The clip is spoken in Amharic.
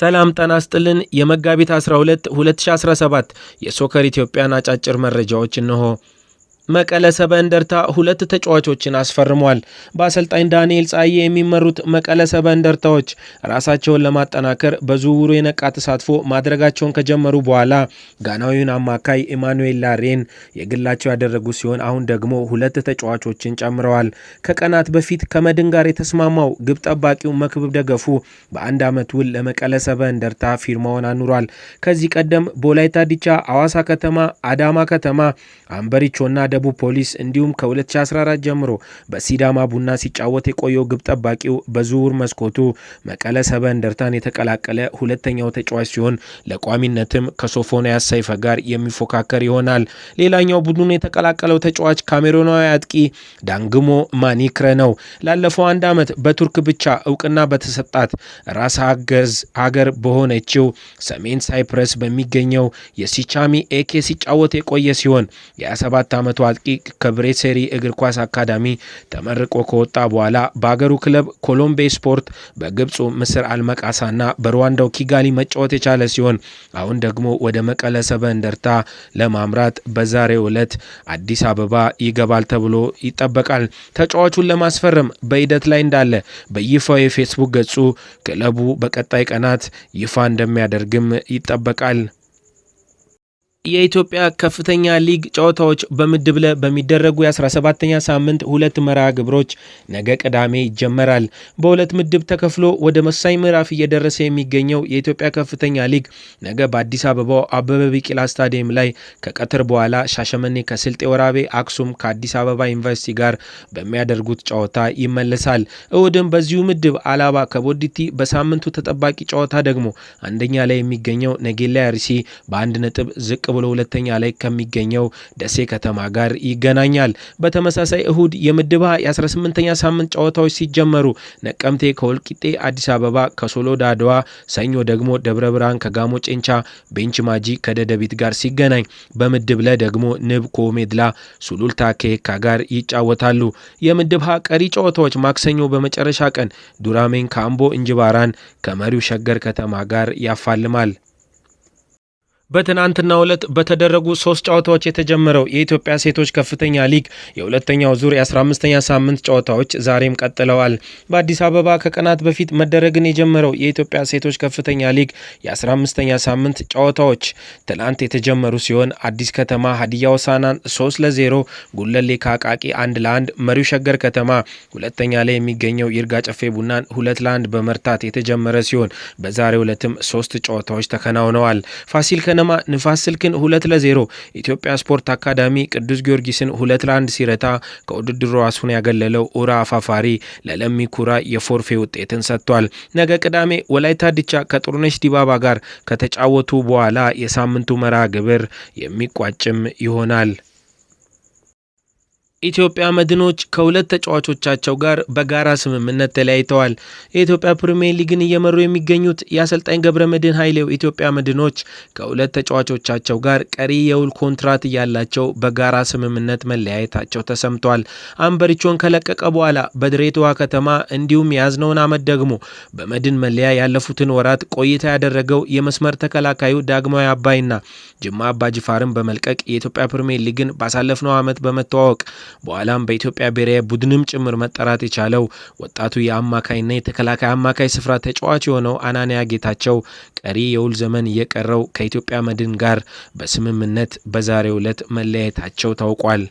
ሰላም ጠና ስጥልን የመጋቢት 12 2017 የሶከር ኢትዮጵያን አጫጭር መረጃዎች እነሆ። መቀለ ሰበ እንደርታ ሁለት ተጫዋቾችን አስፈርሟል። በአሰልጣኝ ዳንኤል ጻዬ የሚመሩት መቀለ ሰበ እንደርታዎች ራሳቸውን ለማጠናከር በዝውውሩ የነቃ ተሳትፎ ማድረጋቸውን ከጀመሩ በኋላ ጋናዊውን አማካይ ኢማኑኤል ላሬን የግላቸው ያደረጉ ሲሆን አሁን ደግሞ ሁለት ተጫዋቾችን ጨምረዋል። ከቀናት በፊት ከመድን ጋር የተስማማው ግብ ጠባቂው መክብብ ደገፉ በአንድ ዓመት ውል ለመቀለ ሰበ እንደርታ ፊርማውን አኑሯል። ከዚህ ቀደም ቦላይታ ዲቻ፣ አዋሳ ከተማ፣ አዳማ ከተማ፣ አንበሪቾና ደቡብ ፖሊስ እንዲሁም ከ2014 ጀምሮ በሲዳማ ቡና ሲጫወት የቆየው ግብ ጠባቂው በዝውውር መስኮቱ መቀለ ሰበ እንደርታን የተቀላቀለ ሁለተኛው ተጫዋች ሲሆን ለቋሚነትም ከሶፎንያስ ሰይፈ ጋር የሚፎካከር ይሆናል። ሌላኛው ቡድኑ የተቀላቀለው ተጫዋች ካሜሮናዊ አጥቂ ዳንግሞ ማኒክረ ነው። ላለፈው አንድ ዓመት በቱርክ ብቻ እውቅና በተሰጣት ራስ አገዝ ሀገር በሆነችው ሰሜን ሳይፕረስ በሚገኘው የሲቻሚ ኤኬ ሲጫወት የቆየ ሲሆን የ27 ዓመቱ አጥቂ ከብሬሴሪ እግር ኳስ አካዳሚ ተመርቆ ከወጣ በኋላ በአገሩ ክለብ ኮሎምቤ ስፖርት፣ በግብፁ ምስር አልመቃሳና በሩዋንዳው ኪጋሊ መጫወት የቻለ ሲሆን አሁን ደግሞ ወደ መቀለ ሰበ እንደርታ ለማምራት በዛሬው ዕለት አዲስ አበባ ይገባል ተብሎ ይጠበቃል። ተጫዋቹን ለማስፈረም በሂደት ላይ እንዳለ በይፋው የፌስቡክ ገጹ ክለቡ በቀጣይ ቀናት ይፋ እንደሚያደርግም ይጠበቃል። የኢትዮጵያ ከፍተኛ ሊግ ጨዋታዎች በምድብ ለ በሚደረጉ የ17ኛ ሳምንት ሁለት መርሃ ግብሮች ነገ ቅዳሜ ይጀመራል። በሁለት ምድብ ተከፍሎ ወደ መሳይ ምዕራፍ እየደረሰ የሚገኘው የኢትዮጵያ ከፍተኛ ሊግ ነገ በአዲስ አበባው አበበ ቢቂላ ስታዲየም ላይ ከቀትር በኋላ ሻሸመኔ ከስልጤ ወራቤ፣ አክሱም ከአዲስ አበባ ዩኒቨርሲቲ ጋር በሚያደርጉት ጨዋታ ይመለሳል። እሁድም በዚሁ ምድብ አላባ ከቦዲቲ፣ በሳምንቱ ተጠባቂ ጨዋታ ደግሞ አንደኛ ላይ የሚገኘው ነጌላ አርሲ በአንድ ነጥብ ዝቅ ብሎ ሁለተኛ ላይ ከሚገኘው ደሴ ከተማ ጋር ይገናኛል። በተመሳሳይ እሁድ የምድባ የ18ኛ ሳምንት ጨዋታዎች ሲጀመሩ ነቀምቴ ከወልቂጤ አዲስ አበባ፣ ከሶሎ ዳድዋ፣ ሰኞ ደግሞ ደብረ ብርሃን ከጋሞ ጭንቻ ቤንች ማጂ ከደደቢት ጋር ሲገናኝ በምድብ ለ ደግሞ ንብ ኮሜድላ ሱሉልታ ከየካ ጋር ይጫወታሉ። የምድብ ሀ ቀሪ ጨዋታዎች ማክሰኞ በመጨረሻ ቀን ዱራሜን ከአምቦ እንጅባራን፣ ከመሪው ሸገር ከተማ ጋር ያፋልማል። በትናንትናው ዕለት በተደረጉ ሶስት ጨዋታዎች የተጀመረው የኢትዮጵያ ሴቶች ከፍተኛ ሊግ የሁለተኛው ዙር የ15ኛ ሳምንት ጨዋታዎች ዛሬም ቀጥለዋል። በአዲስ አበባ ከቀናት በፊት መደረግን የጀመረው የኢትዮጵያ ሴቶች ከፍተኛ ሊግ የ15ኛ ሳምንት ጨዋታዎች ትናንት የተጀመሩ ሲሆን አዲስ ከተማ ሀዲያ ሆሳዕናን 3 ለ0፣ ጉለሌ ከአቃቂ 1 ለ1፣ መሪው ሸገር ከተማ ሁለተኛ ላይ የሚገኘው ይርጋ ጨፌ ቡናን 2 ለ1 በመርታት የተጀመረ ሲሆን በዛሬው ዕለትም ሶስት ጨዋታዎች ተከናውነዋል። ፋሲል ከነማ ንፋስ ስልክን ሁለት ለዜሮ ኢትዮጵያ ስፖርት አካዳሚ ቅዱስ ጊዮርጊስን ሁለት ለአንድ ሲረታ ከውድድሩ ራሱን ያገለለው ኡራ አፋፋሪ ለለሚ ኩራ የፎርፌ ውጤትን ሰጥቷል። ነገ ቅዳሜ ወላይታ ዲቻ ከጥሩነሽ ዲባባ ጋር ከተጫወቱ በኋላ የሳምንቱ መርሃ ግብር የሚቋጭም ይሆናል። ኢትዮጵያ መድኖች ከሁለት ተጫዋቾቻቸው ጋር በጋራ ስምምነት ተለያይተዋል። የኢትዮጵያ ፕሪምየር ሊግን እየመሩ የሚገኙት የአሰልጣኝ ገብረ መድህን ኃይሌው ኢትዮጵያ መድኖች ከሁለት ተጫዋቾቻቸው ጋር ቀሪ የውል ኮንትራት እያላቸው በጋራ ስምምነት መለያየታቸው ተሰምቷል። አንበሪቾን ከለቀቀ በኋላ በድሬዳዋ ከተማ እንዲሁም የያዝነውን ዓመት ደግሞ በመድን መለያ ያለፉትን ወራት ቆይታ ያደረገው የመስመር ተከላካዩ ዳግማዊ አባይና ጅማ አባጅፋርን በመልቀቅ የኢትዮጵያ ፕሪምየር ሊግን ባሳለፍነው ዓመት በመተዋወቅ በኋላም በኢትዮጵያ ብሔራዊ ቡድንም ጭምር መጠራት የቻለው ወጣቱ የአማካይና የተከላካይ አማካይ ስፍራ ተጫዋች የሆነው አናንያ ጌታቸው ቀሪ የውል ዘመን የቀረው ከኢትዮጵያ መድን ጋር በስምምነት በዛሬው ዕለት መለያየታቸው ታውቋል።